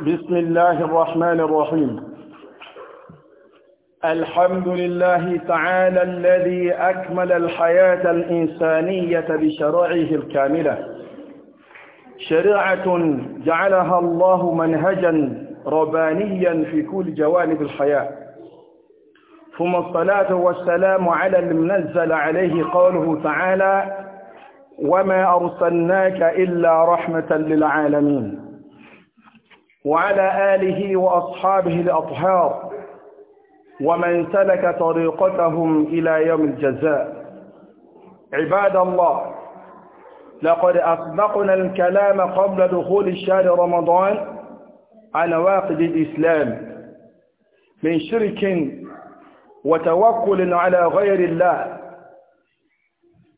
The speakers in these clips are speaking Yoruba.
بسم الله الرحمن الرحيم الحمد لله تعالى الذي أكمل الحياة الإنسانية بشرعه الكاملة شريعة جعلها الله منهجا ربانيا في كل جوانب الحياة ثم الصلاة والسلام على المنزل عليه قوله تعالى وما أرسلناك إلا رحمة للعالمين وعلى آله وأصحابه الأطهار ومن سلك طريقتهم إلى يوم الجزاء عباد الله لقد أسبقنا الكلام قبل دخول شهر رمضان عن واقد الإسلام من شرك وتوكل على غير الله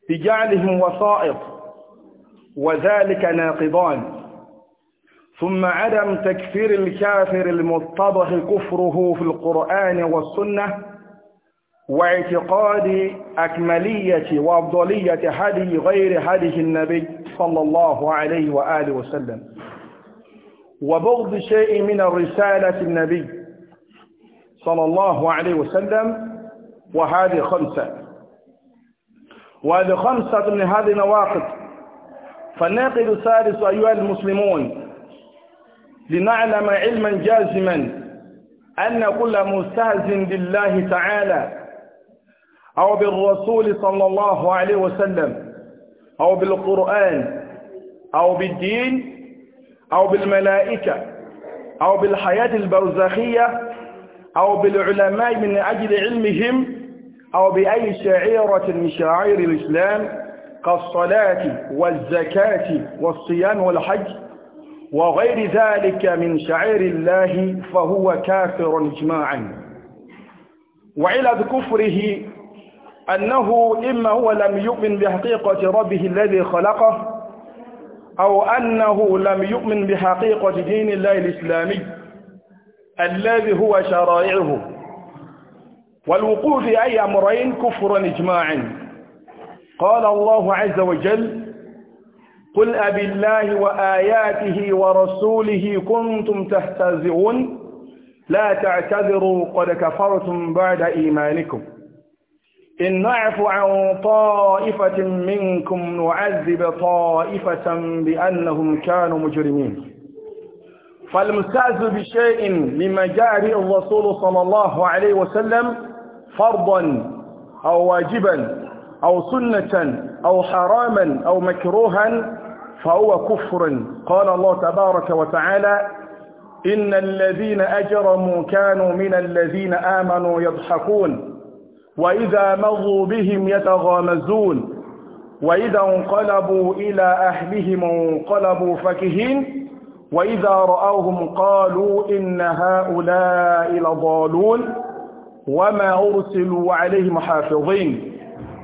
بجعلهم وسائط وذلك ناقضان ثم عدم تكفير الكافر المتضح كفره في القرآن والسنة واعتقاد أكملية وأفضلية هدي غير هدي النبي صلى الله عليه وآله وسلم وبغض شيء من الرسالة النبي صلى الله عليه وسلم وهذه خمسة وهذه خمسة من هذه نواقض فالناقض الثالث أيها المسلمون لنعلم علما جازما أن كل مستهز بالله تعالى أو بالرسول صلى الله عليه وسلم أو بالقرآن أو بالدين أو بالملائكة أو بالحياة البرزخية أو بالعلماء من أجل علمهم أو بأي شعيرة من شعائر الإسلام كالصلاة والزكاة والصيام والحج وغير ذلك من شعير الله فهو كافر إجماعا وعلى كفره أنه إما هو لم يؤمن بحقيقة ربه الذي خلقه أو أنه لم يؤمن بحقيقة دين الله الإسلامي الذي هو شرائعه والوقوف في أي أمرين كفر إجماعا قال الله عز وجل قل أبي الله وآياته ورسوله كنتم تهتزئون لا تعتذروا قد كفرتم بعد إيمانكم إن نعف عن طائفة منكم نعذب طائفة بأنهم كانوا مجرمين فالمستاذ بشيء مما جاء به الرسول صلى الله عليه وسلم فرضا أو واجبا أو سنة أو حراما أو مكروها فهو كفر قال الله تبارك وتعالى إن الذين أجرموا كانوا من الذين آمنوا يضحكون وإذا مضوا بهم يتغامزون وإذا انقلبوا إلى أهلهم انقلبوا فكهين وإذا رأوهم قالوا إن هؤلاء لضالون وما أرسلوا عليهم حافظين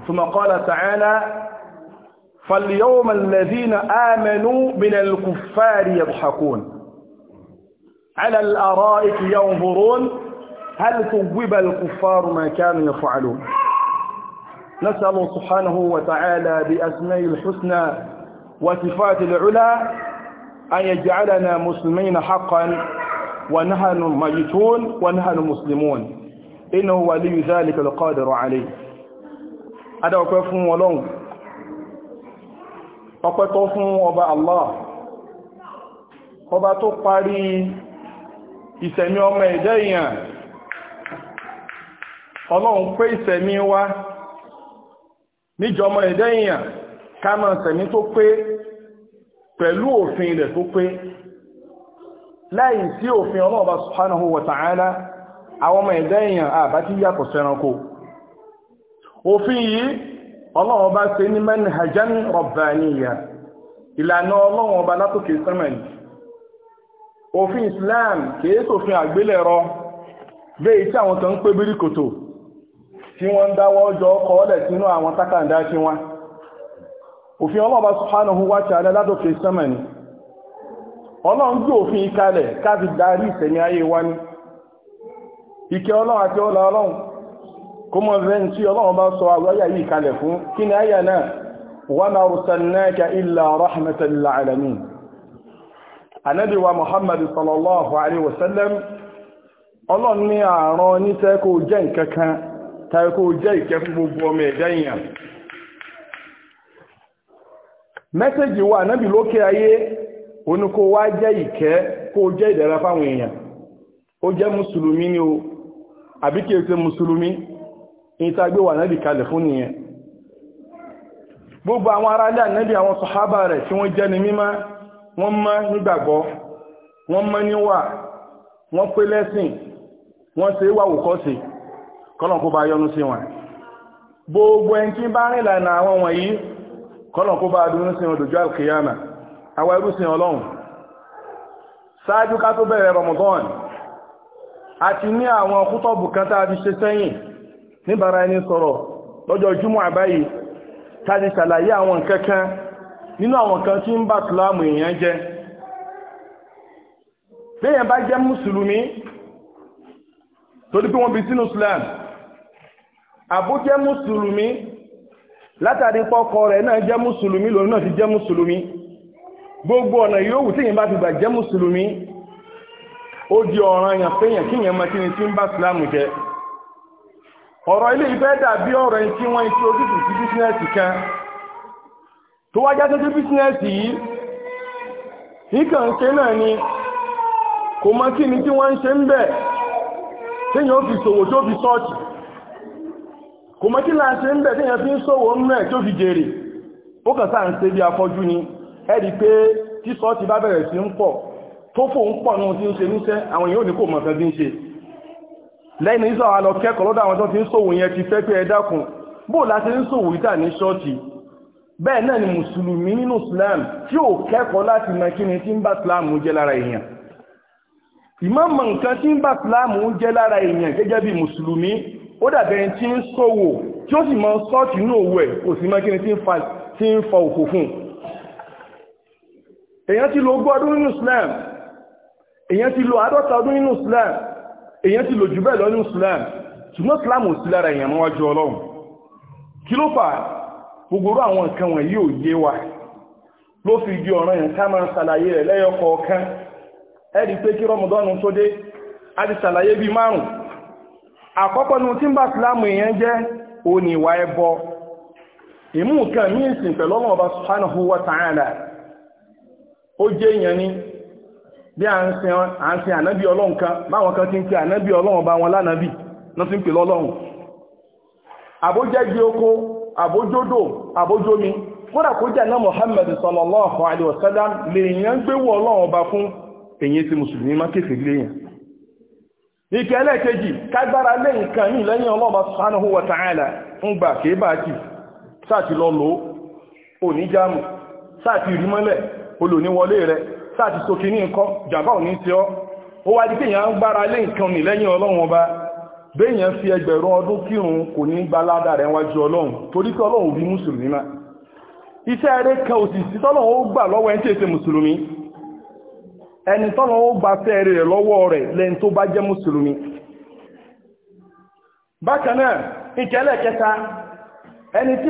ثم قال تعالى فاليوم الذين آمنوا من الكفار يضحكون على الأرائك ينظرون هل ثوب الكفار ما كانوا يفعلون نسأل سبحانه وتعالى بأسماء الحسنى وصفات العلى أن يجعلنا مسلمين حقا ونحن ميتون ونحن مسلمون إنه ولي ذلك القادر عليه هذا وكفهم ولونه ọpẹ́ tó fún ọba Allah ọba tó parí ìsẹ̀mí ọmọ ẹ̀dẹ́ èèyàn ọlọ́run pé ìsẹ̀mí wa níjọmọ ẹ̀dẹ́ èèyàn káàmà ìsẹ̀mí tó pé pẹ̀lú òfin rẹ̀ tó pé láì sí òfin ọlọ́ọ̀bá subhanahu wa àwọn ọmọ ẹ̀dẹ́ èèyàn àbá tí yàtọ̀ sẹ́ranko òfin yìí ọlọ́run ọba ṣe ní manhajan rabbaniya ìlànà ọlọ́run ọba látòkè sẹ́mẹ̀lì òfin islam kìí ṣòfin àgbélẹ̀rọ bẹ́ẹ̀ tí àwọn kan ń pé bíríkòtò tí wọ́n ń dáwọ́ ọjọ́ ọkọ̀ sínú àwọn tákàndá tí òfin látòkè ọlọ́run gbé òfin ìkalẹ̀ darí ìsẹ̀mí ayé ọlọ́run àti kó mọ̀ rẹ̀ tí ọlọ́run bá sọ àwọ́yà yìí kalẹ̀ fún kí ni àyà náà wa ma arsalnaka illa rahmatan lil alamin ànábì wa muhammad sallallahu alaihi wasallam ọlọ́run ní àárán ní tẹ́kó jẹ́ nkankan tẹ́kó jẹ́ ìkẹ́ fún gbogbo ọmọ ẹ̀dá èèyàn mẹ́sẹ̀jì wa ànábì lókè ayé oníkó wá jẹ́ ìkẹ́ kó jẹ́ ìdẹ̀ra fáwọn èèyàn ó jẹ́ mùsùlùmí ni o àbí kìí ṣe ìtagbé wà náà bí kalẹ̀ fún nìyẹn gbogbo àwọn ará ilé ànábì àwọn sọ̀hábà rẹ̀ tí wọ́n jẹ́ ni mímọ́ wọ́n mọ́ nígbàgbọ́ wọ́n mọ́ níwà wọ́n pé lẹ́sìn wọ́n ṣe wà wòkọ́sì kọ́lọ̀ kó bá yọ́nú sí wọn gbogbo ẹni tí bá rìn lànà àwọn wọ̀nyí kọ́lọ̀ kó sí wọn dòjú àkìyàmà àwọn ẹrú sí ọlọ́run ṣáájú ká tó bẹ̀rẹ̀ Ramadan àti ní àwọn kútọ́bù kan tá a ti ṣe sẹ́yìn níbàrá ẹni sọ̀rọ̀ lọ́jọ́ júmọ́ àbáyìí tàbí ṣàlàyé àwọn kẹ́kẹ́ nínú àwọn kan tí ń bá tùlámù èèyàn jẹ́ bẹ́yàn bá jẹ́ mùsùlùmí torí wọ́n bí sínú islam àbú jẹ́ mùsùlùmí látàrí pọ́kọ rẹ̀ náà jẹ́ mùsùlùmí lòun náà ti jẹ́ mùsùlùmí gbogbo ọ̀nà yòówù ti gbà jẹ́ mùsùlùmí ó di ọ̀ranyàn péyàn kíyàn mọ́ tí ń bá tùlámù ọ̀rọ̀ ilé ìfẹ́ dàbí ọ̀rọ̀ ẹni wọn wọ́n ń sí bísínẹ́sì kan tó wá jáde sí bísínẹ́sì yìí náà ni kò kí ni tí wọ́n ń ṣe ń bẹ̀ téèyàn fi ṣòwò tó fi sọ́ọ̀tì kò kí là ń ṣe ń bẹ̀ fi ń ń fi jèrè ó sáà ń ṣe ni i pé tí ṣọ́ọ̀tì bá bẹ̀rẹ̀ sí ń pọ̀ tó fò ń pọ̀ náà ti ń ṣe níṣẹ́ àwọn èèyàn lẹ́yìn ìsọ̀ àwọn akẹ́kọ̀ọ́ lọ́dọ̀ àwọn tó ti ń ṣòwò yẹn ti fẹ́ pé ẹ dákun bó la ti ń ṣòwò ìta ní ṣọ́ọ̀tì bẹ́ẹ̀ náà ni mùsùlùmí nínú islam tí ò kẹ́kọ̀ọ́ láti mọ kí ni tí ń bá islam jẹ́ lára èèyàn ìmọ̀mọ̀ nǹkan tí ń bá islam jẹ́ lára èèyàn gẹ́gẹ́ bí mùsùlùmí ó dàbẹ̀ ẹni tí ń ṣòwò tí ó sì mọ ṣọ́ọ̀tì inú òwò ẹ̀ kò sì mọ kí ni tí ń fa òkò fún èèyàn ti lo ogún ọdún nínú islam èyàn ti lò jù bẹ́ẹ̀ lọ ní islam ṣùgbọ́n islam ò sí lára èyàn jọ ọlọ́run kí ló fà gbogbo àwọn nǹkan wọ̀nyí ò yé wa ló fi di ọ̀ràn yẹn ká máa ṣàlàyé rẹ̀ a ti ṣàlàyé márùn àkọ́kọ́ ní tí ń bá islam èyàn jẹ́ òní ìwà ẹbọ ìmú nǹkan míì sìn pẹ̀lú bí à ń sin ànábì ọlọ́run kan báwọn kan ti ń pe ànábì ọlọ́run bá wọn lánàbì náà ti ń pè lọ́lọ́run àbójẹ́gbé oko àbójódò àbójómi kódà kó jẹ́ náà sallallahu alaihi wasallam lè yàn gbé wọ ọlọ́run ọba fún èyí tí mùsùlùmí má kéfèé léyàn ìkẹ́ ẹlẹ́ẹ̀kejì kágbára lé nǹkan ní lẹ́yìn wa ta'ala ń gbà kéèbà sáà ti lọ sáà ti rí mọ́lẹ̀ sáàtì sókè ní nǹkan jàmbá ò ní tí ọ́ ó wá di kéèyàn ń gbára lé nǹkan ní lẹ́yìn ọlọ́run ọba béèyàn fi ẹgbẹ̀rún ọdún kírun kò ní gba ládà rẹ̀ wájú ọlọ́run torí pé ọlọ́run bí mùsùlùmí má iṣẹ́ eré kan òsì tọ́lọ́run ó gbà lọ́wọ́ ẹni tí èsè mùsùlùmí ẹni tọ́lọ́run ó gba fẹ́ rẹ̀ lọ́wọ́ rẹ̀ lẹ́ni tó bá jẹ́ mùsùlùmí bákan náà kẹta ẹni tí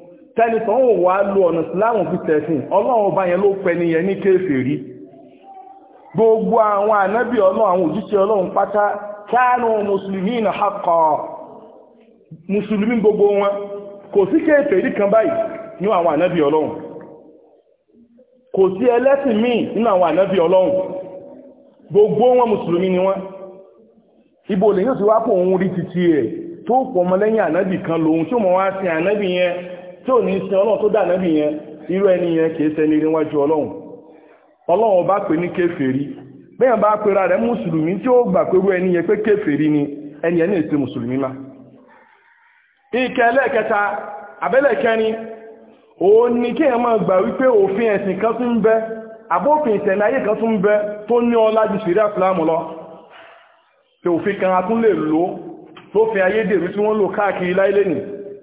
tẹ́nìtàn ò wá lo ọ̀nà síláàmù fi tẹ̀sìn ọlọ́run ọba yẹn ló pẹ́ nìyẹn ní kèfèrí gbogbo àwọn ànábì ọlọ́run àwọn òjíṣẹ́ ọlọ́run pátá Musulmi mùsùlùmí ìnà hakọ̀ gbogbo wọn kò sí kan báyìí anabi nínú àwọn gbogbo wọn mùsùlùmí ni wọn ibo wá titi ẹ̀ tó pọ̀ mọ́ lẹ́yìn ànábì kan lòun tí ó mọ̀ wá sin ànábì yẹn tí ò ní sin ọlọ́run tó dà nábì yẹn irú ẹni yẹn kìí ṣẹni níwájú ọlọ́run ọlọ́run bá pè ní kèfèrí bẹ́ẹ̀ bá pera rẹ̀ mùsùlùmí tí ó gbà pé irú ẹni yẹn pé ni ẹni yẹn náà mùsùlùmí má. ìkẹ́ ẹlẹ́ẹ̀kẹta ni kí ẹ máa gbà wípé òfin ẹ̀sìn kan tún ń bẹ ayé kan tún ń tó ní lọ pé òfin kan a tún lè lò lófin ayédèrú tí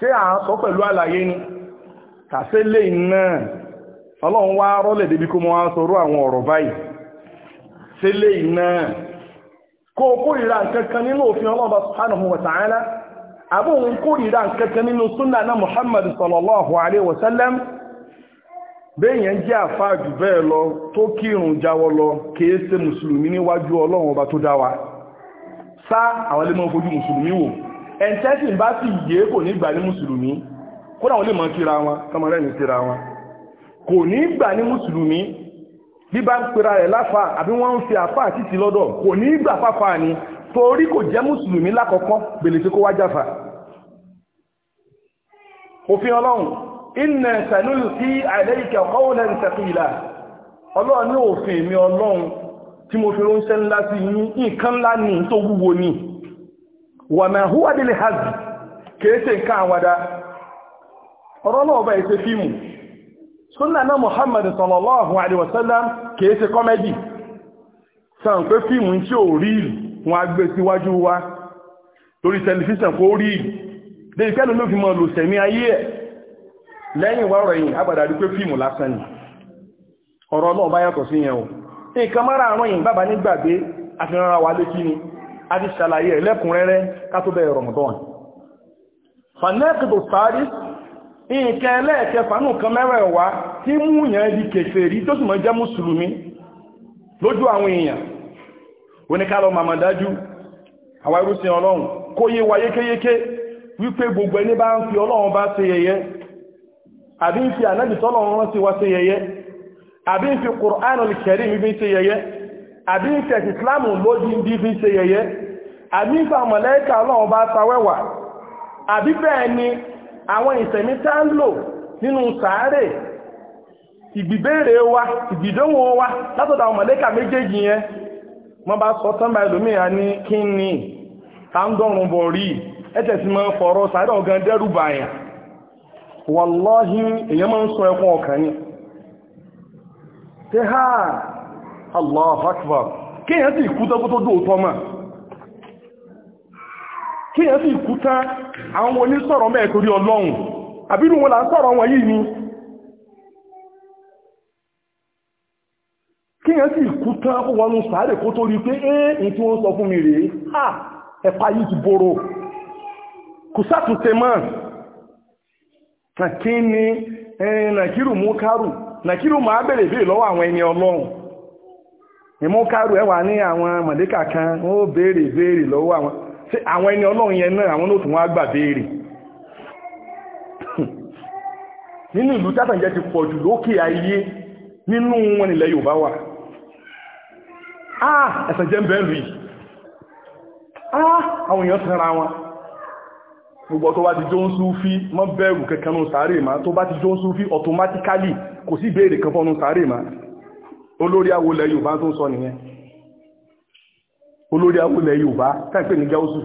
ṣé à ń sọ pẹ̀lú àlàyé ni tàṣé lè náà ọlọ́run wá rọ́lẹ̀ débi kó mọ́ wá sọ̀rọ̀ àwọn ọ̀rọ̀ báyìí ṣé lè náà ta'ala abóhun kórìíra nǹkankan nínú súnà náà muhammad sallallahu alaihi wasallam béèyàn jẹ́ àfáà jù bẹ́ẹ̀ lọ tó kírun jáwọ́ lọ kìí ṣe mùsùlùmí níwájú ọlọ́run ọba tó dá sá àwọn ilé mọ́ fojú mùsùlùmí wò ẹ̀ntẹ́sìn bá sì yé kò ní gbà ní mùsùlùmí kódà wọ́n lè mọ́ síra wọn kọmọ rẹ̀ ní síra wọn kò ní gbà ní mùsùlùmí bí bá ń pera rẹ̀ láfa àbí wọ́n ń fi àfà títí lọ́dọ̀ kò ní gbà fáfà ni torí kò jẹ́ mùsùlùmí lákọ̀ọ́kọ́ bèlè tí kó wá jáfà òfin ọlọ́run wàmà húwà délé hazì kèése nke àwádá ọ̀rọ̀ náà ọba ẹ̀sẹ̀ fíìmù suna na muhammadu sallallahu alaihi wasallam kèése kọ́mẹ́dì sàn pé fíìmù tí ò rí wọn agbé síwájú wa lórí tẹlifíṣàn kó rí dé ìfẹ́ ló fi mọ́ lò sẹ̀mí ayé ẹ̀ lẹ́yìn wá rẹ̀ agbàdà rí pé fíìmù lásán ni bá yàtọ̀ sí yẹn nǹkan nígbàgbé àfihàn wa a ti ṣàlàyé rẹ̀ lẹ́kùnrẹ́rẹ́ ká Ramadan fanẹ́kìdò sáàrí ìkẹ́ ẹlẹ́ẹ̀kẹ́ fanú kan mẹ́rẹ̀wá tí mú yẹn di kèfèrí tó sì mọ́ jẹ́ mùsùlùmí lójú àwọn èèyàn oníkálọ̀ màmàdájú àwọn irúsìn ọlọ́run kó yé wa yékéyéké wípé gbogbo ẹni bá ń fi ọlọ́run bá ṣe yẹ̀yẹ́ àbí ń fi ànábì tọ́lọ́run rán sí ń fi Qur'anul àbí ìtẹ̀sì islam lójí ń fi ṣe yẹyẹ àbí ìfà mọ̀lẹ́kà ọlọ́run bá tawẹ́wà àbí ni àwọn ìsẹ̀mí tá ń lò nínú sàárè ìgbìbéèrè wa ìgbìdánwò wa látọ̀dọ̀ àwọn méjèèjì yẹn wọ́n bá sọ tán báyìí lómi ìhà ní kí ni ta ń dọ̀rùn bọ̀ rí ẹ̀tẹ̀ sí ọkàn ni. Allah akbar kíyàn sí ikuta kó tó dóòtọ́ mà kíyàn sí ìkútá àwọn onísọ̀rọ̀ mẹ́ẹ̀ torí ọlọ́run àbírù wọn wọn yìí ni kíyàn sí ìkútá kó wọnú sàárè kó tó rí pé ẹ́ tí wọ́n sọ fún mi rèé ha ẹ̀pá yìí ti bóró kò sátúnṣe nàkírù mú kárù ìmúkàrù ẹwà ní àwọn mọ̀lẹ́kà kan ó béèrè béèrè lọ́wọ́ àwọn tí àwọn ẹni ọlọ́run yẹn náà àwọn lóòtún wá gbà béèrè nínú ìlú tátànjẹ ti pọ̀ jù lókè ayé nínú wọn ilẹ̀ Yorùbá wà ah ẹ̀sẹ̀ jẹ́ bẹ́ẹ̀ lù yìí ah àwọn olórí awolẹ̀ Yorùbá tó sọ nìyẹn olórí awolẹ̀ Yorùbá káìpé ní gáúsù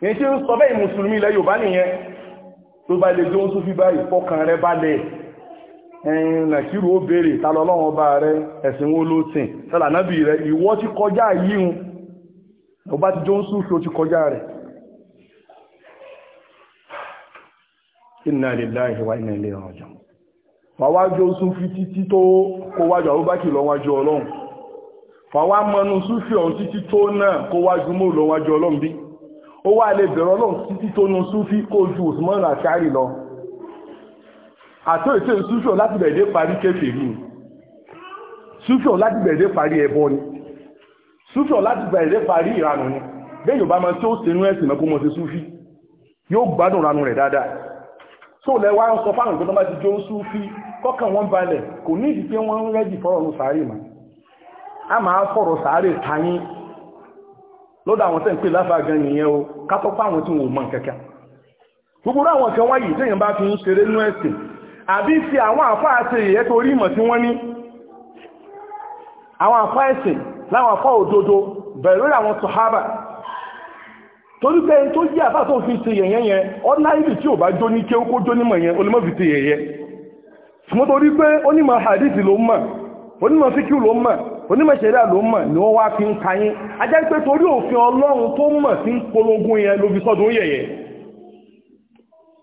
kìí ṣe ń sọ bẹ́ẹ̀ mùsùlùmí ilẹ̀ Yorùbá nìyẹn tó bá lè jóun sún fi báyìí fọkàn rẹ balẹ̀ ẹ̀yìn nàìjíríà ó béèrè ta lọ́lọ́wọ́n ọba rẹ ẹ̀sìn wo ló sìn tẹ́lá nábì rẹ ìwọ ti kọjá yíhun ọba ti jóun sún fi ó ti kọjá rẹ̀ inna lillahi wa inna ilayhi raji'un fàwájọ́ súnfí títí tó kó wájú àwúbákì lọ́wájú ọlọ́run fàwá mọ́nú súnfí ọ̀hún títí tó náà kó wájú mú lọ́wájú ọlọ́run bí ó wà lè bẹ̀rẹ̀ ọlọ́run títí tó nu súnfí kó ju Usman àkárì lọ àtó ètò súnfí ọ̀hún láti bẹ̀ẹ́dẹ́ parí kèfèrí ni súnfí ọ̀hún láti bẹ̀ẹ́dẹ́ parí ẹbọ ni súnfí ọ̀hún láti bẹ̀ẹ́dẹ́ parí ìranù ni bẹ́ẹ̀ Yorùbá máa tó sínú ẹ̀sìn mẹ́kọ́ mọ́ sí súnfí yóò gbádùn ranù rẹ̀ dáadáa so lẹ wá ń sọ fáwọn ìgbọ́n bá ti jó kọ́kàn wọn balẹ̀ kò ní ìdí pé wọ́n ń rẹ́jì fọ́rọ̀ sàárè mà a máa fọ̀rọ̀ sàárè tayín lọ́dọ̀ àwọn tẹ́ ń pè láfàgán nìyẹn o kátọ́ fáwọn tí wọ́n gbogbo àwọn fi torí pé ẹni tó jẹ́ àbá tó fi ṣe yẹ̀yẹ́ yẹn ọ́náìlì tí ò bá jó ní kí ó kó jó nímọ̀ yẹn olùmọ̀ fi ṣe yẹ̀yẹ́ ṣùgbọ́n torí pé onímọ̀ lo ló mọ̀ onímọ̀ lo ló mọ̀ onímọ̀ ṣẹ̀ríà ló mọ̀ ni wọ́n wá fi ń ka yín ajá pé torí òfin ọlọ́run tó mọ̀ sí polongo yẹn ló fi sọ́dún yẹ̀yẹ́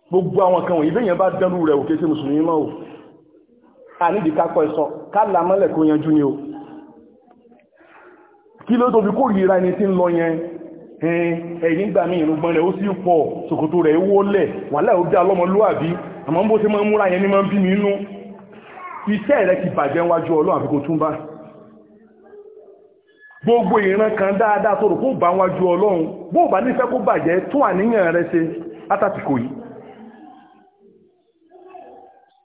gbogbo àwọn kan wọ̀nyí bẹ́yẹn bá dẹrù rẹ̀ òkè sí mùsùlùmí mọ́ o ẹ̀yìn gbà mí ìrùgbọ́n rẹ̀ ó sì pọ̀ ṣòkòtò rẹ̀ wólẹ̀ wà láì ó dá ọlọ́mọlúwàbí àmọ́ bó ṣe máa múra yẹn ní máa ń bí mi inú iṣẹ́ rẹ̀ ti bàjẹ́ wájú ọlọ́run àfi kó tún bá gbogbo ìran kan dáadáa tó rò kó bá wájú ọlọ́run bó bá nífẹ́ kó bàjẹ́ tún àníyàn rẹ̀ ṣe látàtìkò yìí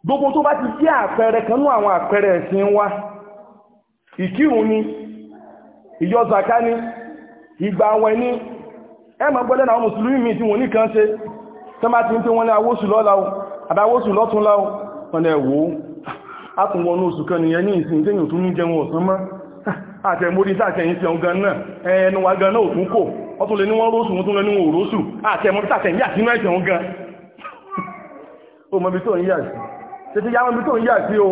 gbogbo tó bá ti jẹ́ àpẹẹrẹ kan ní àwọn àpẹẹrẹ ẹ̀sìn wa ìkírun ni ìyọ zaka ni ìgbà àwọn ẹni ẹmọ gbọ́lẹ̀ àwọn mùsùlùmí mi tí wọ́n ní kan ṣe tó má ti ń pé wọ́n ní awóṣù lọ́láwọ́ àbáwóṣù lọ́tún láwọ́ wọ́n ẹ̀wò átùnwọnú oṣù kan nìyẹn ní ìsìn tí yóò tún ní jẹun ọ̀sán mọ́ àtẹ̀mórí sàtẹ̀yìn sí ọgán náà ẹnu wa gan náà òtún kò wọ́n tún lè ní wọ́n róṣù wọ́n tún lè ní wọ́n róṣù àtẹ̀mórí sàtẹ̀yìn yà sínú ẹ̀sẹ̀ ọgán o mọ̀ bí tó ń yà sí tètè yà mọ̀ bí tó ń yà o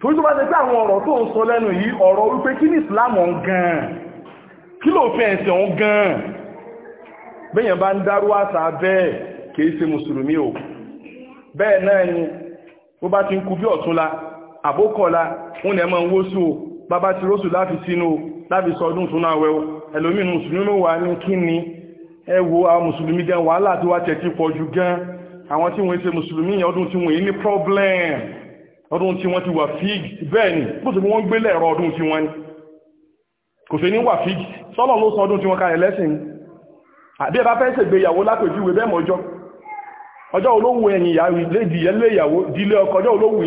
torí tó bá ti pé àwọn ọ̀rọ̀ tó ń sọ lẹ́nu yìí ọ̀rọ̀ wípé kí ní ìsìlámù ọ̀gán kí ló fẹ́ ẹ̀sẹ̀ òun gan-an bẹ́yàn bá ń dárú àṣà bẹ́ẹ̀ kìí ṣe mùsùlùmí o bẹ́ẹ̀ náà ni ó bá ti ń kú bí ọ̀túnla àbókọ̀ọ́la ń nẹ̀ mọ́ wóṣù o bàbá ti róṣù láfi sínú láfi sọdún tún náà wẹ́wọ́ ẹlòmí mùsùlùmí wà ní kí ni ẹ wo àwọn mùsùlùmí gan wàhálà tí wá tẹ̀tí pọ̀ jù gan àwọn tí wọ́n ṣe mùsùlùmí yẹn ọdún tí wọ́n yìí ní problem ọdún tí wọ́n ti wà fíìgì bẹ́ẹ̀ ni bó ṣe wọ́n gbélẹ̀ ẹ̀rọ ọdún tí wọ́n ni kò sí ní wà fíjì sọ́lọ̀ ló sọ ọdún tí wọ́n kalẹ̀ lẹ́sìn àbí ẹbá fẹ́ ṣègbéyàwó lápèjúwe bẹ́ẹ̀ mọ́jọ́ ọjọ́ olówó ẹ̀yìn ìyàwó ilé dílé ọkọ ọjọ́ olówó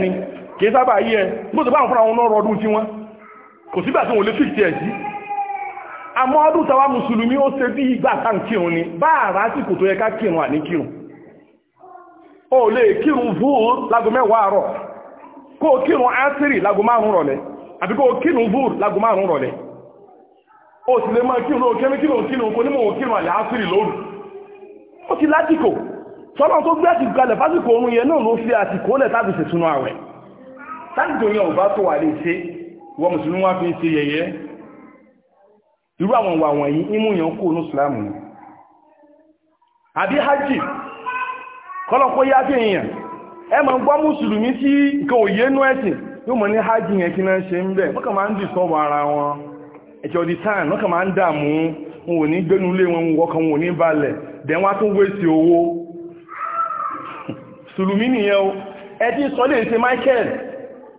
ni kì í sábà yí ẹ bó ti bá wọn fúnra wọn lọ́rọ̀ ọdún tí wọ́n kò sígbà tí wọ́n lè fìtì ẹ̀ sí àmọ́ ọdún tàwa mùsùlùmí ó ṣe bí ìgbà tá ń kírun ni bá àrá sì kò tó yẹ ká kó kírun ásírì lágo ún rọ̀lẹ́ àbí kó kínú vúr lágo márùn rọ̀lẹ́ ó sì lè máa kínú kẹ́mí kínú kínú kó ní mò ń kínú àlẹ́ áfírì lóru ó ti lásìkò sọ́nà tó gbé àsìkò kalẹ̀ fásìkò oorun yẹn náà ló fi àsìkò lẹ̀ tàbí ṣètúnú àwẹ̀ tásìkò yẹn ò bá tó wà lè ṣe ìwọ mùsùlùmí wá fi ń ṣe yẹ̀yẹ́ irú àwọn ìwà wọ̀nyí imú yẹn kó ní ìsìlámù ni àbí hajj kọ́lọ̀kọ́ yá fi èèyàn ẹ máa ń gbọ́ mùsùlùmí sí nǹkan òye nú ẹ̀sìn yóò mọ̀ ní hajj yẹn kí náà ṣe ń bẹ̀ wọ́n kàn máa ń dìsọ́bọ̀ ara wọn ẹ̀jọ̀ di time wọ́n kàn máa ń dààmú wọn ò ní gbénulé wọn wọ́kàn wọn ò ní balẹ̀ dẹ̀wọ́n á tún wéṣì owó sùlùmí nìyẹn o ẹ ti sọ lè ṣe Michael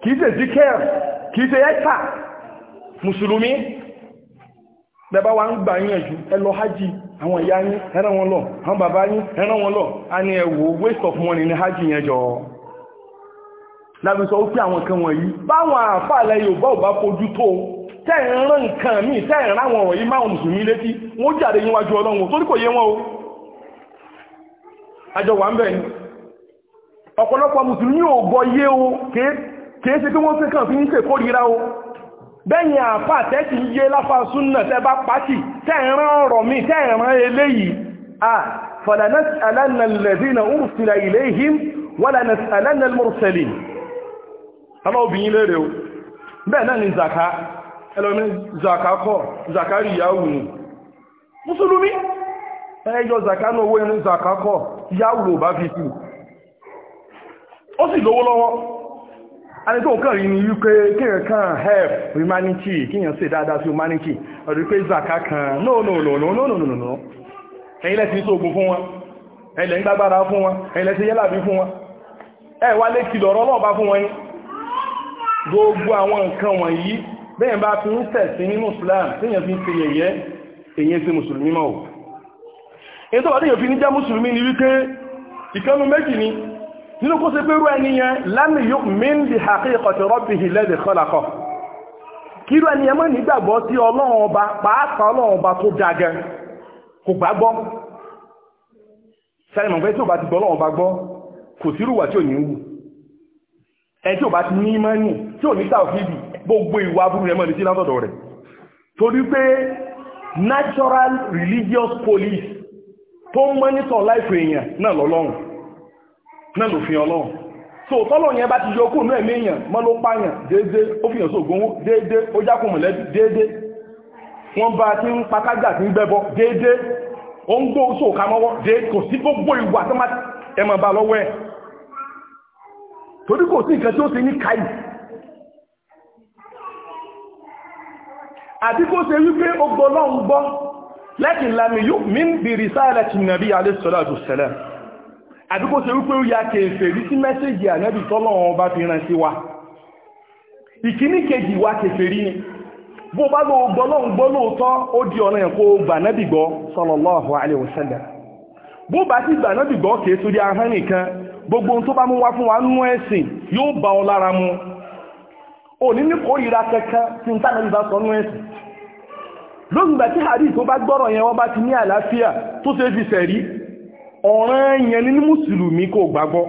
kìí ṣe zikir kìí ṣe ẹ́ta mùsùlùmí bẹ́bá wa ń gbà yànjú ẹ lọ hajj àwọn ìyá yín ẹ rán wọn lọ àwọn bàbá yín ẹ rán wọn lọ a ní ẹ waste of money ní hajj yẹn jọ lábí sọ wípé àwọn kan wọ̀nyí báwọn àfààlẹ̀ yorùbá ò bá fojú tó tẹ́ẹ̀rán nǹkan míì tẹ́ẹ̀rán àwọn wọ̀nyí máa mùsùlùmí létí wọ́n jáde níwájú ọlọ́run torí kò yé wọn o àjọ wà ń bẹ̀ ni ọ̀pọ̀lọpọ̀ mùsùlùmí ò gbọ́ yé o kìí ṣe pé wọ́n fẹ́ kàn fi ń aláwọ̀bìnrin lẹ́rẹ̀ o bẹ́ẹ̀ náà ni zaka zaka kọ́ zaka rí yáwù ní mùsùlùmí ẹyọ zaka náà owó ẹni zaka kọ́ yáwù ló bá fi sí ó sì lówó lọ́wọ́ a ní nkan rí ní wípé kíyàn kan help humanity kíyàn ṣe dáadáa sí humanity ri pé zaka kan no no no no no no no no ẹ̀yin lẹ́sìn tó fún wọn gbágbára fún wọn fún wọn kìlọ̀ ọ̀rọ̀ gbogbo àwọn nǹkan wọ̀nyí bẹ́ẹ̀ bá fi ń tẹ̀sí nínú Islam tíyàn fi ń ṣe yẹ̀yẹ́ èyí ṣe mùsùlùmí mọ́ èyí tó wà tíyàn fi ní jẹ́ mùsùlùmí ni wípé ìkanu méjì ni nínú kó ṣe pérú ẹni yẹn lam yu'min bi haqiqati rabbihi alladhi khalaqah kírú ẹni yẹn mọ́ nígbàgbọ́ sí ọlọ́run ọba pàápàá ọlọ́run ọba tó dáa gan kò gbàgbọ́ sẹ́yìn mọ̀ tí ó bá ti ní wù ẹ tí ò ní tàwíìdì gbogbo ìwà burú rẹ̀ mọ́ ní sí látọ̀dọ̀ rẹ̀ torí pé natural religious police tó ń mọ́nítọ̀ láìpẹ́ èèyàn náà lọ́lọ́run náà ọlọ́run so tọ́lọ̀ yẹn bá ti yọ kó ní ẹ̀mí èèyàn mọ́ ló pààyàn déédé ó fi hàn déédé ó jákùn déédé wọ́n bá ti ń pakágà ń déédé ó ń gbó mọ́wọ́ dé kò sí gbogbo ìwà tó má bá lọ́wọ́ ẹ̀ àti kó ṣe wípé ó gbọ́lọ́n gbọ́ lẹ́kìn lámì yóò mín bí rìsáàlẹ̀ ti nàbí alẹ́sọ́láàdù sẹ́lẹ̀ àti kó ṣe wípé ó ya kèfè rí sí mẹ́sẹ̀jì ànẹ́bì tọ́lọ́wọ́n bá fi rán sí wa ìkíní kejì wa kèfè rí ni bó bá lọ gbọ́lọ́n gbọ́ lóòótọ́ ó di ọ̀nà ẹ̀kọ́ gbà nẹ́bì gbọ́ sallallahu alaihi wasallam bó bá ti gbà nẹ́bì gbọ́ kèé sórí ahọ́n nìkan gbogbo ohun tó bá mú wá fún wa nú ẹ̀sìn yóò bá ọ lára mu òní ní kórìíra kankan tí ń tánà ìbá sọ nú ẹ̀sìn lóògbà tí hadith tó bá gbọ́rọ̀ yẹn wọ́n bá ti ní àlàáfíà tó ṣe fi sẹ̀rí ọ̀ràn yẹn ní mùsùlùmí kò gbàgbọ́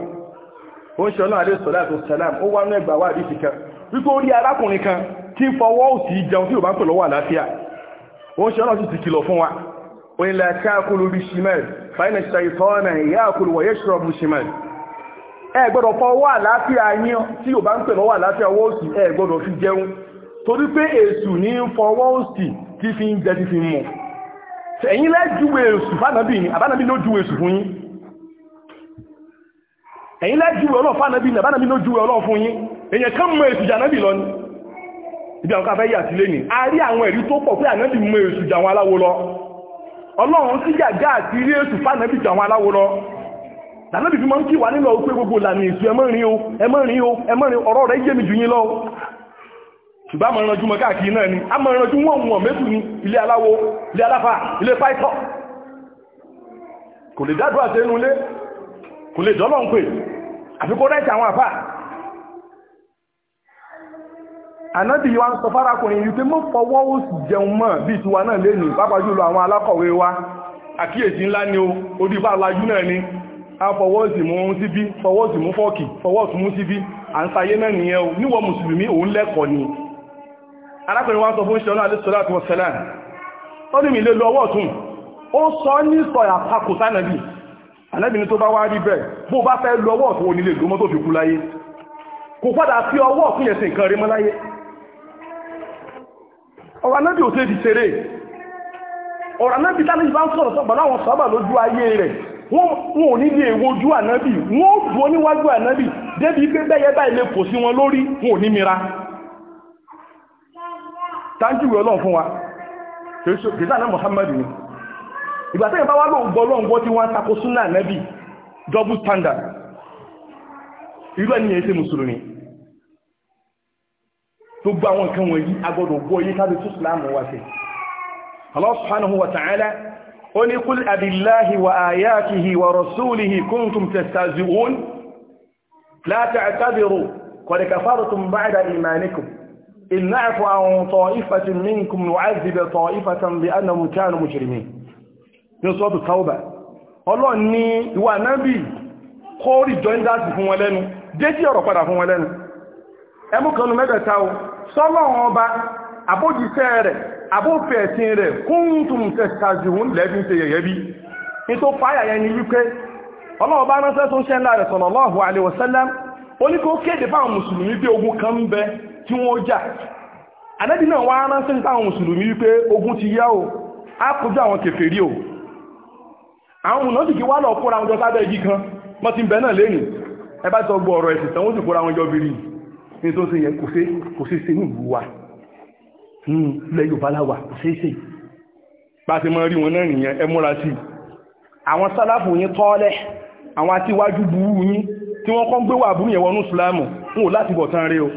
ó ń ṣe ọlọ́run adé sọ́lá àti sàlám ó wá ní ẹgbà wà àdìsí kan wípé ó rí arákùnrin kan tí ń fọwọ́ òsì jẹun tí ò bá ń pè lọ́wọ́ àlàáfíà ó ń ṣe ọlọ́run sì ti kìlọ̀ fún wa ó ń la káàkùlù bí shimel fàyínà ṣàìtọ́ ọ̀nà ìyá àkùlù wọ̀yẹ́ ẹ gbọ́dọ̀ fọ ọwọ́ àlàáfíà yín tí ò bá ń pè lọ́wọ́ àlàáfíà ọwọ́ òsì ẹ gbọ́dọ̀ fi jẹun torí pé èṣù ní ń fọ ọwọ́ òsì tí fi ń jẹ tí fi ń mu ẹ̀yin lẹ́júwe èṣù fánàbí ni àbánàbí ló júwe èṣù fún yín ẹ̀yin lẹ́júwe ọlọ́ fánàbí ni àbánàbí ló júwe ọlọ́ fún yín èyàn kan mọ èṣù jànábì lọ ní ibi àwọn káfẹ́ yàtí lé ní a rí àwọn ẹ̀rí tó pọ̀ pé ànábì mọ èṣù jàwọn aláwo lọ ọlọ́run sí gàgá àti rí èṣù fánàbí jàwọn aláwo lọ tàbí fi máa ń kí wà nílọ pé gbogbo lànà èsù ẹmọ́rin o ẹmọ́rin o ẹmọ́rin ọ̀rọ̀ rẹ̀ yé mi jù yín lọ ṣùgbọ́n a máa mọ́ káàkiri náà ni a máa ranjú wọ́n wọ̀n mẹ́tù ni ilé aláwo ilé aláfà ilé pàìtọ́ kò lè dádùn àtẹnu ilé kò lè dọ́lọ́ ń pè àfikún rẹ̀ àwọn àfà ànábì wa ń sọ fárakùnrin yìí pé mọ́ fọwọ́ ó sì jẹun mọ́ bí tiwa náà lé ní pápájúlọ àwọn alákọ̀wé wa àkíyèsí ńlá ni o orí bá lajú náà ni a fọwọ́sì mú síbí fọwọ́sì mú fọ́ọ̀kì fọwọ́sì mú síbí à ń sayé náà nìyẹn o níwọ̀ mùsùlùmí òun lẹ́kọ̀ọ́ ni arákùnrin wa sọ fún ṣọ́nà alẹ́sọ́lá àti wọ̀sẹ̀lá ó ní mi lè lọ ọwọ́ ọ̀tún ó sọ ní sọ àtakò sánàbì ànábìnrin tó bá wá rí bẹ́ẹ̀ bó bá fẹ́ lọ ọwọ́ ọ̀tún onílé ìgbómọ́ tó fi kú láyé kò padà sí ọwọ́ ọ̀tún yẹn sí nǹkan rí mọ́ láyé ọ̀rọ̀ anábì ò tẹ́ di ṣeré ọ̀rọ̀ anábì tánàbì bá ń sọ̀rọ̀ sọ̀gbọ̀n láwọn sọ́bà lójú ayé rẹ̀ wọn ò ní lè wojú ànábì wọn ò dúró níwájú ànábì débi pé bẹ́yẹ báyìí lè kò sí wọn lórí wọn ò ní mira tájúwẹ̀ ọlọ́run fún wa kìsà náà ni ìgbà tẹ́yìn bá wá lóò gbọ́ lọ́n gbọ́ tí wọ́n tako súnà ànábì double standard irú ẹni yẹn mùsùlùmí gbogbo àwọn nǹkan wọ̀nyí a gbọ́dọ̀ gbọ́ yí ká ó ní kúl àbíláhì wà àyàkìhì wà rọ̀súlìhì kúntùm tẹ̀sàzíwòn láti àtàbírò kọ̀dẹ̀ kàfàrùtùm báyìdà ìmánikùm iná ẹ̀fọ́ àwọn tọ̀ífàtí minkum wàázibẹ̀ tọ̀ífàtàn bí anna mutanu mujrimi ní sọ́tù tauba ọlọ́n ní ìwà náàbì kórí jọ́ndásì fún wọn lẹ́nu déjì ọ̀rọ̀ padà fún wọn lẹ́nu ẹmú kanú mẹ́tẹ̀ta sọ́lọ́wọ́n ọba àbójíṣẹ́ rẹ̀ àbófẹ́ ẹ̀sìn rẹ̀ kúntùm tẹ̀sàjùún lẹ́bí ń ṣe yẹ̀yẹ́ bí ní tó fáyà yẹn ni wípé ọlọ́run bá ránṣẹ́ tó ń ṣẹ́ ńlá rẹ̀ sallallahu alaihi wasallam ó ní kó kéde fáwọn mùsùlùmí pé ogun kan ń bẹ tí wọ́n jà ànábì náà wá ránṣẹ́ fáwọn mùsùlùmí wípé ogun ti yá o á kò sí sí nílùú wa Hmm, ilẹ̀ Yorùbá láwà ṣeéṣe bá ti mọ́ rí wọn náà nìyẹn ẹ múra sí àwọn sálàfù yín tọ́ọ́lẹ̀ àwọn àtiwájú burú yín tí wọ́n kọ́ ń gbé wà burú yẹn wọnú ìsìlámù wọn ò láti bọ̀ tán rí o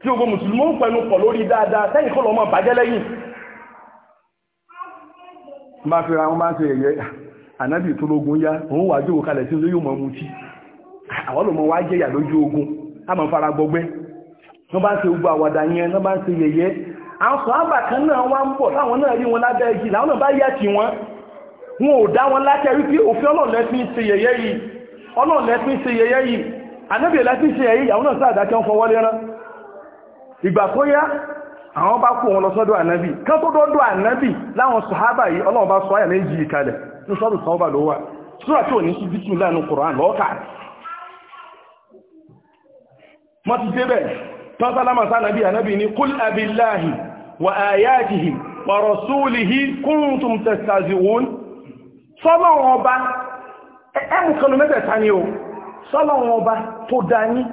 tí ogun mùsùlùmí ń pẹnu pọ̀ lórí dáadáa sẹ́yìn kọ́ lọ́mọ bàjẹ́ lẹ́yìn máa fi ra wọn máa ń ṣe ẹ̀yẹ ànábì tó lógun yá òun wà jókòó kalẹ̀ sí yóò mọ̀ mutí àwọn lòmọ wá jẹ́yà lójú ogun á máa fara gbọgbẹ́ ní wọ́n bá ń ṣe gbogbo àwàdà yẹn ní wọ́n bá ń ṣe yẹ̀yẹ́ àwọn sọ̀hábà kan náà wá ń bọ̀ láwọn náà rí wọn lábẹ́ igi láwọn náà bá yá ti wọn wọn ò dá wọn lákẹ́ wípé òfin ọlọ́ọ̀lẹ́fín ṣe yẹ̀yẹ́ yìí ọlọ́ọ̀lẹ́fín ṣe yẹ̀yẹ́ yìí anábìyẹ̀ lẹ́fín ṣe yẹ̀yẹ́ àwọn náà sáàdájọ́ ń fọwọ́ lẹ́rán ìgbà tó yá àwọn bá kó wọn lọ sọ ìkalẹ̀ ní sọ́dọ̀ sọ́ọ́bà ló wà sọ́dọ̀ tí ò ní sí tán sálámà sánàbí ànábì ní kúl abillahi wa ayatihi wa rasulihi kuntum tastahzi'un sọ́lọ́wọ́n ọba ẹmùkanu mẹ́tẹ̀ta ni o sọ́lọ́wọ́n ọba tó dá yín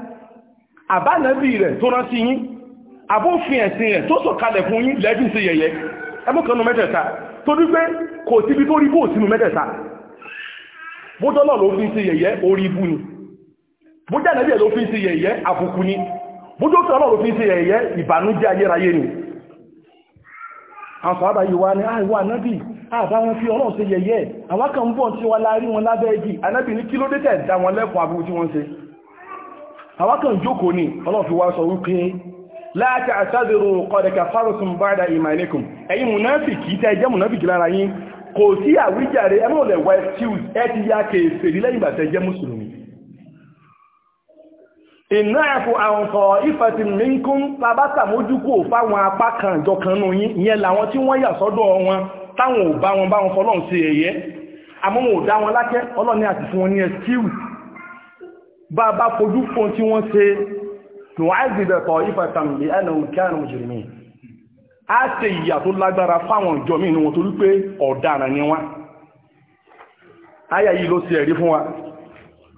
àbánàbí rẹ̀ tó rán sí yín àbófin ẹ̀sìn rẹ̀ tó sọ̀kalẹ̀ fún yín lẹ́jìn sí yẹ̀yẹ́ ẹmùkanu mẹ́tẹ̀ta tó dúpẹ́ kò síbi tó rí bó sínú mẹ́tẹ̀ta bójú tó ọlọ́run fi ń ṣe ẹ̀yẹ ìbànújẹ́ ayérayé ni àwọn sàábà yìí wá ní àìwá ah, anábì àbá wọn fi ọlọ́run ṣe yẹ̀yẹ́ àwọn kan ń bọ̀ tí wọ́n láàrí wọn lábẹ́ igi anábì ní kílódé tẹ̀ dá wọn lẹ́kùn aburú tí wọ́n ṣe àwọn kan jókòó ní fi wá sọ wípé láti àṣàzìrò iná ẹ̀fù àǹkọ̀ ìfẹ̀tì mínkún tàbátà mójúkú fáwọn apá kan ìjọ kan nù yẹn làwọn tí wọ́n yà sọ́dọ̀ wọn táwọn ò bá wọn bá wọn fọlọ́n sí ẹ̀yẹ́ àmọ́ wọn ò dá wọn lákẹ́ ọlọ́ni àti fún wọn ní ẹ̀síwù bá bá fojú fún tí wọ́n ṣe nùwáìdìdẹ̀kọ̀ ìfẹ̀tàmì ẹnà òkèèrè a ṣe ìyà tó lágbára fáwọn ìjọ mí inú wọn torí pé ọ̀daràn ni wọ́n áyà yìí ló ṣe ẹ̀rí fún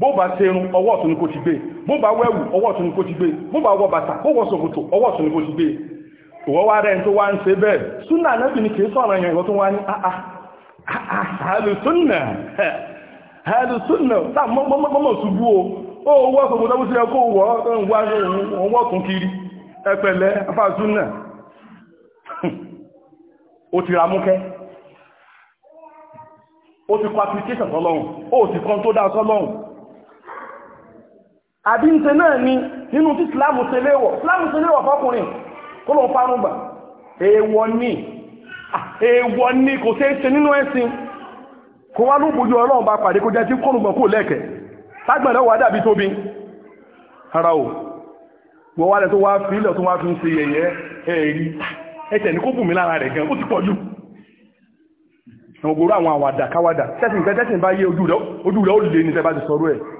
bó serun ọwọ́ ọ̀tún ni kó ti gbé bó bá ọwọ́ ọ̀tún ni kó ti gbé bó wọ bàtà bó wọ ọwọ́ ọ̀tún ni ti gbé ìwọ́ wá rẹ̀ tó wá ń bẹ́ẹ̀ súnà ni kìí yẹn ìwọ́ tó wá ní ah, ah, ah, àbí ń ṣe náà ni nínú tí islamu ṣe léwọ̀ islamu ṣe léwọ̀ fọ́kùnrin kó ló ń fárún gbà èèwọ̀ ni ah, èèwọ̀ ni kò ṣe é ṣe nínú ẹ̀sìn kó wá ló bójú ọlọ́run bá pàdé kó jẹ́ tí kónùgbọ̀n kò lẹ́ẹ̀kẹ́ lágbẹ̀rẹ̀ wà dàbí tóbi ara o wọ́n wá lẹ̀ tó wá fi ilẹ̀ tó wá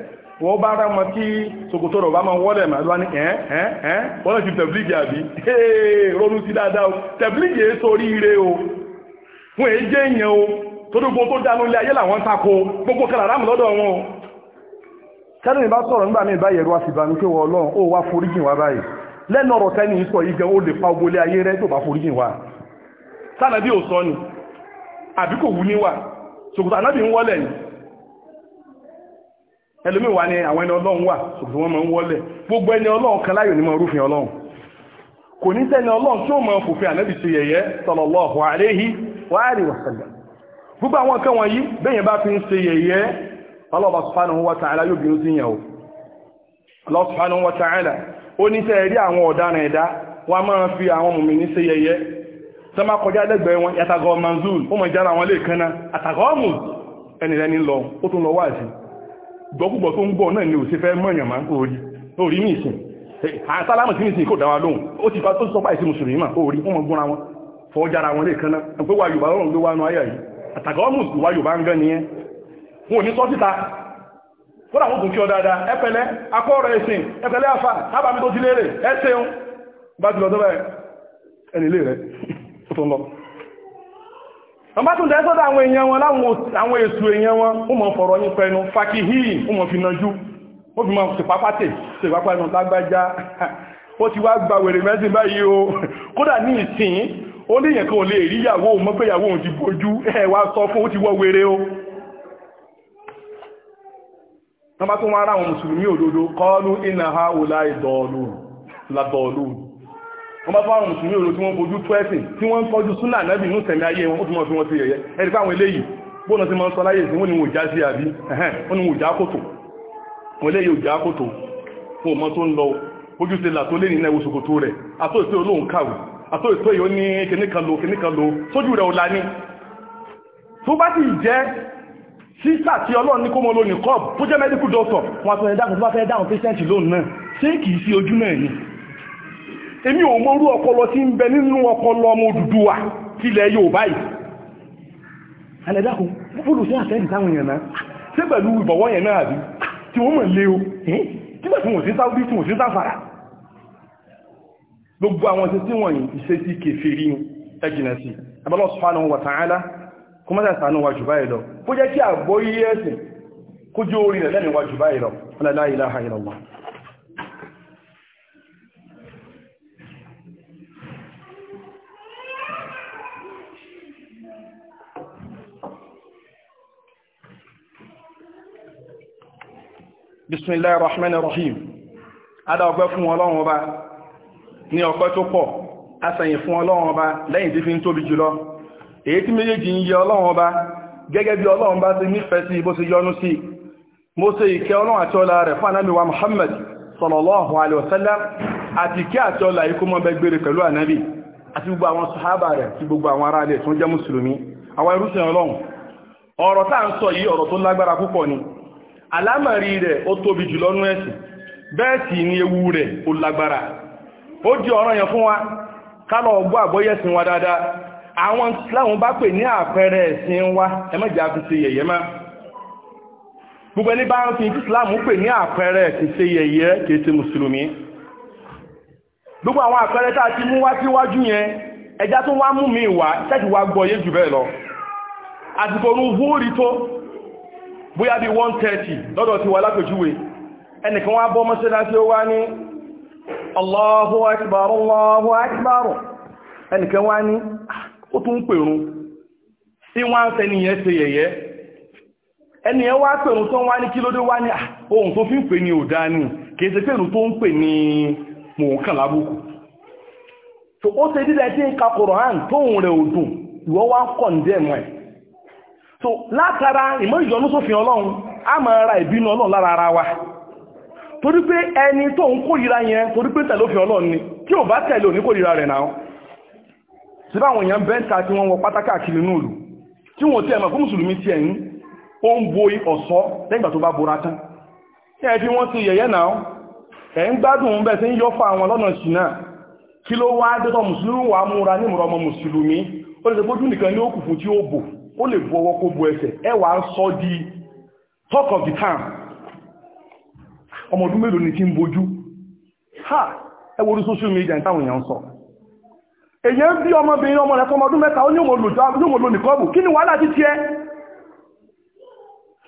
wọ́n bá rá mọ́ tí ṣòkòtò rọ̀ bá máa wọ́lẹ̀ máa lọ́wọ́ ní ẹ́n ẹ́n ẹ́n wọ́n lọ́ọ́ ti tẹ̀blígì àbí ronú sí dáadáa o tẹ̀blígì èé sórí ire o fún èé jẹ́ èèyàn o torí gbogbo tó dánú ilé ayé làwọn ń tako gbogbo kan àrámù lọ́dọ̀ wọn o. sẹ́ni bá sọ̀rọ̀ nígbà míì báyìí ẹ̀rọ àṣìbánu pé wọ́n ọlọ́run ó wá foríjìn wa báyìí lẹ́nu ọ̀rọ̀ sẹ́ni sọ yìí gan ó lè pa ogbólé ayé rẹ tó bá foríjìn wa sànàbí ò sọ ni ẹlòmí wà ni àwọn ẹni ọlọ́run wà òkè wọn máa ń wọlẹ̀ gbogbo ẹni ọlọ́run kan láyò ní mọ orúfin ọlọ́run kò ní sẹ́ni ọlọ́run tí ó mọ òfin ànábì ṣe yẹ̀yẹ́ sallallahu alayhi wa gbogbo àwọn nǹkan wọ̀nyí bẹ́yẹn bá fi ń ṣe yẹ̀yẹ́ Allah subhanahu ta ta'ala yóò bí ó sì yàn o Allah subhanahu wa ta'ala ó ní sẹ́ rí àwọn ọ̀daràn ẹ̀dá wọn máa fi àwọn mùmínì ṣe yẹ̀yẹ́ tó kọjá lẹ́gbẹ̀ẹ́ wọn yàtàgọ́ manzul ó gbọ́gbọ́ tó ń gbọ́ náà ni ò sí fẹ́ mọ̀yàn máa orí orí ní ìsìn àtàlámù sí ìsìn kò dáwà lóhùn ó ti bá tó sọpá ìsìn mùsùlùmí mà orí fún ọmọ gbọ́nra wọn fọ́jára wọn lè kaná pé wà yorùbá lọ́rùn ló wá nú ayà yìí àtàkọ́ mù wà yorùbá ń gán nìyẹn wọn ò ní sọ síta fọ́nà wọn kùn kí ọ dáadáa ẹ pẹ̀lẹ́ akọ́rọ̀ ẹ̀sìn ẹ pẹ̀lẹ́ àfà ábàmì tó ti lérè ẹ̀sìn bá ti lọ sọ́bẹ̀ ẹni lè rẹ̀ ó tó ń lọ wọ́n bá tún dẹ́ sọ́dọ̀ àwọn èèyàn wọn láwọn èsù èèyàn wọn ó mọ̀ fọ̀rọ̀ yín pẹnu fakihíì ó mọ̀ fi nàjú ó fi mọ̀ sí pápátẹ̀ sí pápá ẹnu lágbájá ó ti wá gba wèrè mẹ́sìn báyìí o kódà ní ìsìn wọ́n bá tún wá ara àwọn mùsùlùmí òdodo kọ́ọ́lù ìnàhà òlà ìdọ̀ọ̀lù wọ́n bá fáwọn mùsùlùmí òru tí wọ́n fojú tó ẹ̀sìn tí wọ́n ń kọjú súnà nábì ní sẹ̀mí ayé wọn ó tún mọ̀ fi wọn ti yẹ̀yẹ́ ẹ̀rí fáwọn eléyìí bóònà tí ma ń sọ láyé sí wọ́n ni wọ́n já sí àbí wọ́n ni wọ́n já kòtò wọ́n léyìí òjá kòtò fún ọmọ tó ń lọ ojú ti là tó lé nínú ẹwọ́sòkòtò rẹ̀ àtó ìtó olóhùn kàwù àtó ìtó èyí ó ní kìníkànlò kìníkànlò sójú rẹ̀ ọ̀la ní tó bá ti jẹ́ sísà tí ọlọ́run ní kó mọ́ lónìí kọ́ọ̀bù tó jẹ́ medical doctor wọn àtọ́ ẹ̀dáhùn tó bá fẹ́ dáhùn patient lónìí náà ṣé kìí sí ojú náà ni èmi ò mọ́rú ọpọlọ tí ń bẹ nínú ọpọlọ ọmọ Odùduwà tilẹ̀ Yorùbá yìí alẹ́dàkùn fúlù sí àtẹ́ẹ̀dì táwọn èèyàn náà ṣé pẹ̀lú ìbọ̀wọ́ yẹn náà bí tí wọ́n mọ̀ lé o nígbà tí wọ́n sí sáwọ́dí tí wọ́n sí sáfàrà gbogbo àwọn tí tí wọ́n ìṣe sí kèfèrí ẹjìnà sí abọ́lọ́ subhanahu wa ta'ala kó mọ́ta sànú wa jù báyìí lọ kó jẹ́ kí àgbóyé ẹ̀sìn kó jẹ́ orí rẹ̀ lẹ́nu wa jù báyìí lọ la ilaha illallah bismillah rahman rahim adá ọpẹ́ fún ọlọ́run ọba ní ọpẹ́ tó pọ̀ asẹ̀yìn fún ọlọ́run ọba lẹ́yìn tí fi ń tóbi jùlọ èyí tí méjèèjì ń yẹ ọlọ́run ọba gẹ́gẹ́ bí ọlọ́run bá ti nífẹ̀ẹ́ sí bó ṣe yọ́nú sí mo ṣe ìkẹ́ ọlọ́run àti ọlá rẹ̀ fún muhammad sallallahu alaihi wasallam àti kí àti ọlá ikú mọ́ bẹ gbére pẹ̀lú ànábì àti gbogbo àwọn sàhábà rẹ̀ àti gbogbo àwọn ará rẹ̀ tó jẹ́ mùsùlùmí alámàrí rẹ̀ ó tóbi jù lọ́nú ẹ̀sìn bẹ́ẹ̀ sì ni ewu rẹ̀ ó lágbára ó di ọ̀ràn yẹn fún wa kálọ̀ ọgbọ́ àgbọ́yẹ̀sìn wa dáadáa àwọn láwọn bá pè ní àpẹẹrẹ ẹ̀sìn wa ẹmọ́jà fi ṣe yẹ̀yẹ́ má gbogbo ẹni bá ń fi ìsìláàmù pè ní àpẹẹrẹ kì í ṣe yẹ̀yẹ́ kì í ṣe mùsùlùmí gbogbo àwọn àpẹẹrẹ tá a ti mú wá síwájú yẹn ẹjá tó wá mú mi wá tẹ́jú wá gbọ́yé jù bẹ́ẹ̀ lọ àsìkò orun vóòrí tó bóyá bí 130 lọ́dọ̀ ti wà lápèjúwe ẹnìkan wá bọ́ tí ó wá ní Allahu akbar Allahu akbar ẹnìkan wá ní ah, ó tún pèrún sí wá ń tẹniyàn ṣe yẹ̀yẹ́ ẹniyàn wá pèrún tó wá ní kí wá ní ah, ohun fi ń pè ní pèrún tó ń pè ní ó ṣe dídẹ̀ tí ń ka Kùránì tóhun rẹ̀ òdùn ìwọ́ wá kọ̀ ní dẹ̀mọ̀ so látara ìmọ̀ ìyọnú sófin ọlọ́run a máa ra ìbínú ọlọ́run lára ara wa torí pé ẹni tó ń kórìíra yẹn torí pé tẹ̀lé òfin ọlọ́run ni tí ò bá tẹ̀lé òní kórìíra rẹ̀ náà sí báwọn èèyàn bẹ́ńtà tí wọ́n wọ pataka kiri inú tí wọ́n tí ẹ̀mọ̀ fún mùsùlùmí ẹ̀yìn ó ń bo ọ̀sọ́ lẹ́gbà tó bá bora tán wọ́n ti yẹ̀yẹ́ náà ẹ̀ ń gbádùn bẹ́ẹ̀ sí ń yọ́ àwọn lọ́nà mùsùlùmí ó lè nìkan ní òkùnfún tí o le bu ọwọ́ kó bu ẹsẹ̀ ẹ ń sọ di talk of the town ọmọ ọdún mélòó ni tí ń bojú ha ẹ wo orí social media ní táwọn èèyàn sọ èèyàn bí ọmọbìnrin ọmọ rẹ̀ fọmọ ọdún mẹ́ta ó ní kí ni wàhálà ti tiẹ̀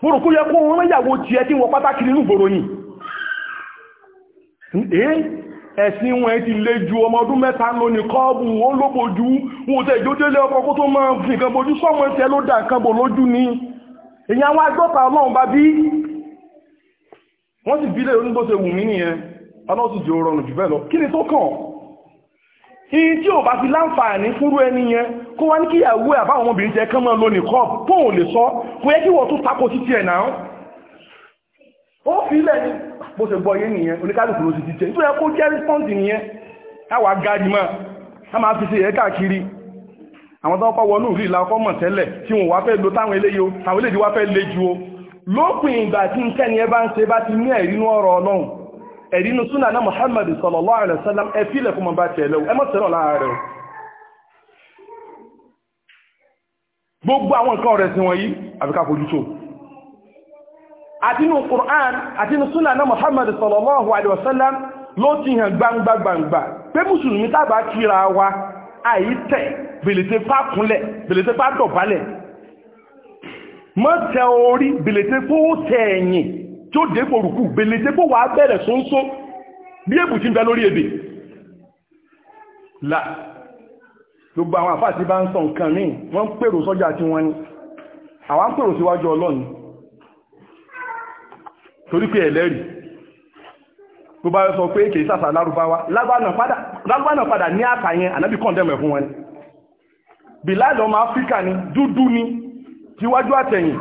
gbòrò yẹ kó wọ́n yàwó tiẹ̀ tí wọ́n pátákì nínú ẹ̀sìn wọn ti lé ju ọmọ ọdún mẹ́ta ló ní kọ́ọ̀bù wọn ló bojú wọn tẹ̀ ìjójúlé ọkọ̀ kó tó máa fi nǹkan bojú sọ́wọ́n tẹ ló dà nǹkan bò lójú ni èyí àwọn agbọ́ta ọlọ́run bá bí wọ́n sì bílẹ̀ onígbóse wù mí nìyẹn ọlọ́run sì jẹ́ rọrùn jù bẹ́ẹ̀ lọ kí ni tó kàn ìyí tí ò bá fi láǹfààní fúrú ẹni yẹn kó wá ní kíyàwó ẹ̀ àbáwọn ọmọbìnrin jẹ́ kán mọ́ lónìí kọ́ọ̀bù tóun lè sọ kò yẹ kí wọ́n tún takò títí ẹ̀ náà ó fi ilẹ̀ ní bó ṣe gbọ́ yé nìyẹn oníkálùkù ló sì ti ẹkó jẹ́ rẹ́spọ́ǹsì nìyẹn káwà gáàdì máa a máa fi ṣe yẹ káàkiri àwọn tó kọ́ wọnú ìlú ìlàkọ́ mọ̀ tẹ́lẹ̀ tí wọ́n wá fẹ́ lo táwọn eléyìí yi wá fẹ́ le o lópin ìgbà tí ń lopin ẹ ti àti nínú Qur'an àti nínú súnà náà Muhammad sallallahu alaihi wasallam ló ti hàn gbangba gbangba pé mùsùlùmí tàbá kíra wa àyítẹ̀ bèlètè pá kúnlẹ̀ bèlètè pá dọ̀bálẹ̀ mọ́tẹ̀ orí bèlètè pó tẹ̀ ẹ̀yìn tí ó dépò rùkú bèlètè pó wà bẹ̀rẹ̀ sóńsó bí èbù ti ń bẹ lórí ebè là gbogbo àwọn àfáà ti bá ń sọ nǹkan míì wọ́n ń pèrò sọ́jà tí wọ́n ní àwọn ń pèrò síwájú Ọlọ́run torí pé ẹlẹ́rìí tó bá sọ pé kìí sàṣà lárúbáwá lárúbáwá padà ní àkà yẹn ànábì kọ́ndẹ̀mẹ̀ fún wọn Bilal ọmọ Áfíríkà ni dúdú ni tíwájú àtẹ̀yìn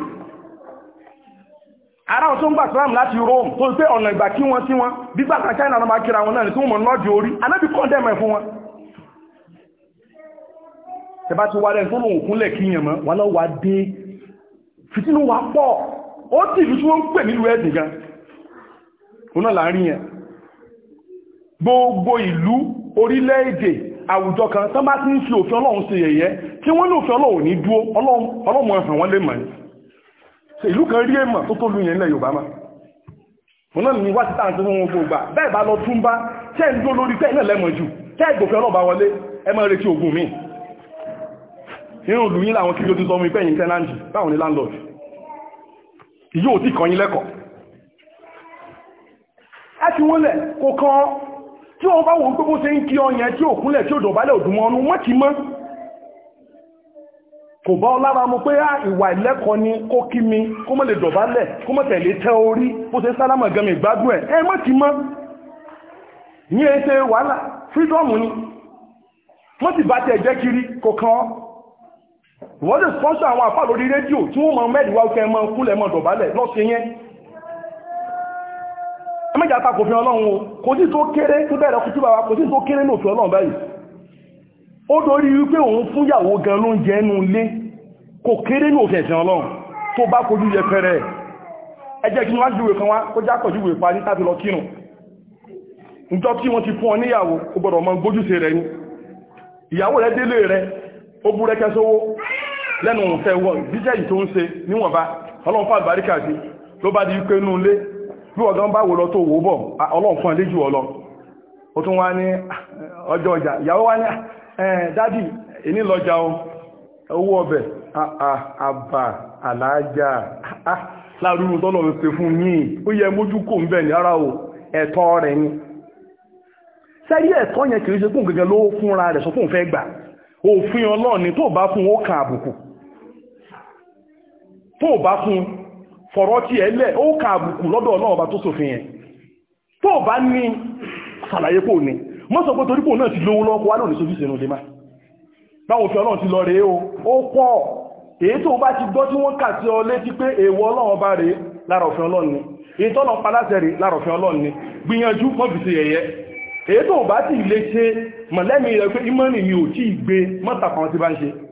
ara wọn tó ń gbà Islam láti Rome tó pé ọ̀nà ìgbà kí wọ́n sí wọn gbígbà kan China ló máa kíra wọn náà ni tí wọ́n mọ̀ lọ́dì orí ànábì kọ́ndẹ̀mẹ̀ fún wọn tẹbá ti wá rẹ̀ tó lòun kíyàn mọ́ wọn lọ́wọ́ dé fìtínú wa pọ̀ ó ti ìlú tí wọ́n ń pè nílùú ẹ̀sìn gan òun náà láàrin yẹn gbogbo ìlú orílẹ̀-èdè àwùjọ kan tán bá ti ń fi òfin ọlọ́run ṣe yẹ̀yẹ́ tí wọ́n ní òfin ọlọ́run ní dúó ọlọ́run ẹ̀hàn wọn lè mọ̀ ní ìlú kan rí èmọ̀ tó tó lú yẹn ilẹ̀ Yorùbá máa wọn náà ní wá títà àti wọn gbogbo bẹ́ẹ̀ bá lọ tún bá tẹ́ ń dó lórí tẹ́ ìlẹ̀ lẹ́mọ̀ jù tẹ́ ìgbòfẹ́ ọlọ́ba wọlé ẹ máa retí ogun mi nínú ìlú yín làwọn kí ló ti sọ mú ipẹ́yìn tẹ́láńjì báwọn ni landlord yóò tí kan yín lẹ́kọ̀ọ́ ẹ ti wọ́n lẹ̀ kò kan tí wọ́n bá wọ́n gbogbo ṣe ń kí ọyẹn tí ò kúnlẹ̀ tí ò dọ̀bálẹ̀ òdùnmọ́ ọnú wọ́n mọ́ kò bá ọlára mú pé ìwà ìlẹ́kọ̀ọ́ ni kó kí mi kó mọ́ lè dọ̀bálẹ̀ kó mọ́ tẹ̀lé tẹ́ orí bó ṣe sálámà gan mi gbádùn ẹ̀ ẹ mọ́ ti mọ́ ní ẹ ṣe wọ́n lè sponsor àwọn àfà lórí rédíò tí wọ́n mọ mẹ́rìnwá kẹ́ mọ kúlẹ̀ mọ dọ̀bálẹ̀ lọ́sẹ̀ yẹn ẹmẹ́jà ta kò fi ọlọ́run o kò sí tó kéré tó bẹ̀rẹ̀ kò sí bàbá kò sí tó kéré ní òfin ọlọ́run báyìí ó dorí wípé òun fún yàwó gan ló ń jẹ ẹnu ilé kò kéré ní òfin ẹ̀sìn ọlọ́run tó bá kojú yẹpẹrẹ ẹjẹ́ kí wọ́n júwe kan kó kọjú ìwé lẹ́nu òun fẹ́ wọ́n jíjẹ́ yìí tó ń ṣe níwọ̀nba ọlọ́run fún àbáríkà sí ló bá di pé inú ilé bí ọ̀gán bá wò lọ tó wò bọ̀ ọlọ́run fún àlejò ọlọ ó tún wá ní ọjọ́ ọjà ìyàwó wá ní dádì èní lọ́jà owó ọbẹ̀ àbà àlàájá láàrúurú tọ́lọ̀ ń ṣe fún yín ó yẹ mójú kò ń bẹ̀ ní ara o ẹ̀tọ́ rẹ̀ ni sẹ́rí ẹ̀tọ́ yẹn kìí ṣe fún gẹ́gẹ́ ló fúnra rẹ̀ sọ fún òun fẹ́ gbà òfin ọlọ́ọ̀ni tó bá fún ó kan àbùkù tó bá fún fọ̀rọ̀ tí ẹ lẹ̀ ó ka àbùkù lọ́dọ̀ ọlọ́run ọba tó sòfin yẹn tó bá ní sàlàyé pò ní mọ́ sọ pé torípò náà ti lówó lọ́kọ́ wá lónìí sójú sínú lema báwo fi ọlọ́run ti lọ rèé o ó pọ̀ èyí tó bá ti gbọ́ tí wọ́n kà sí ọ létí pé èèwọ̀ ọlọ́run ọba rèé lára òfin ọlọ́run ni èyí tọ́lọ́ paláṣẹ rèé lára òfin ọlọ́run ni gbìyànjú mọ́fìsì yẹyẹ èyí tó bá ti lè ṣe mọ̀lẹ́mí rẹ̀ pé ìmọ̀nì mi ò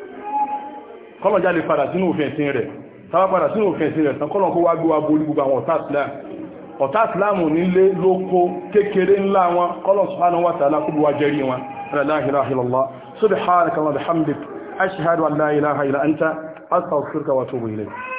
kọ́lọ̀já lè padà sínú òfin ẹ̀sìn rẹ̀ tàbá padà sínú òfin ẹ̀sìn rẹ̀ tán kọ́lọ̀ kó wá gbówá borí gbogbo àwọn ọ̀tá islam ọ̀tá islam nílé lóko kékeré ńlá wọn kọ́lọ̀ subhanahu wa ta'ala kó bí wá jẹ́rí wọn la ilaha illallah subhanaka wa bihamdik ashhadu an la ilaha illa anta astaghfiruka wa atubu ilayk